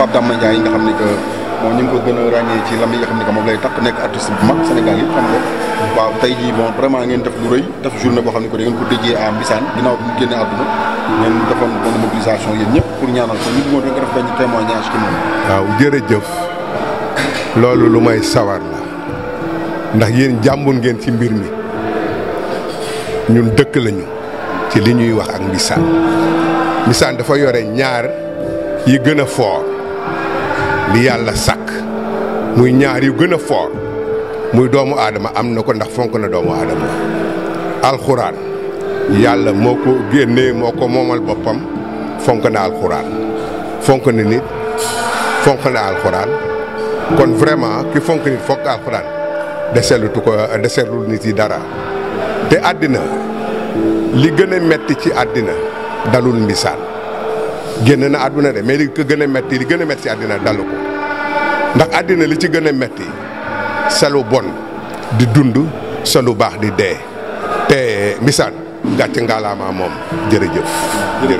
Pape Dama Ndiaye nga xam ne que moom ñu ko gën a ràññee ci lam yi nga xam ne que moom lay takk nekk artiste bu mag Sénégal yi xam waaw tey jii bon vraiment ngeen def lu rëy def journée boo xam ne que da ngeen ko déjee à Mbissane ginnaaw bi mu génnee àdduna ngeen defoon ñëpp pour ñaanal ko ñu bëggoon nga def benn témoignage moom waaw jërëjëf loolu lu may sawar la ndax yéen jàmboon ngeen ci mbir mi ñun dëkk lañu ci li ñuy wax ak Mbissane Mbissane dafa yore ñaar yi gën a foor li yàlla sàkk muy ñaar yu gën a foor muy doomu aadama am na ko ndax fonk na doomu aadama alxuraan yàlla moo ko génnee moo ko moomal boppam fonk na alxuraan fonk na nit fonk na alxuraan kon vraiment ki fonk nit fonk alxuraan deselutu deselul nit yi dara te àddina li gën a metti ci àddina dalul misaal génn na àdduna de mais li ko gën a metti li gën a metti si àddina dalu ko ndax àddina li ci gën a metti sa lu bon di dund sa lu baax di dee te mbisaan gàcc ngaalaama moom jërëjëf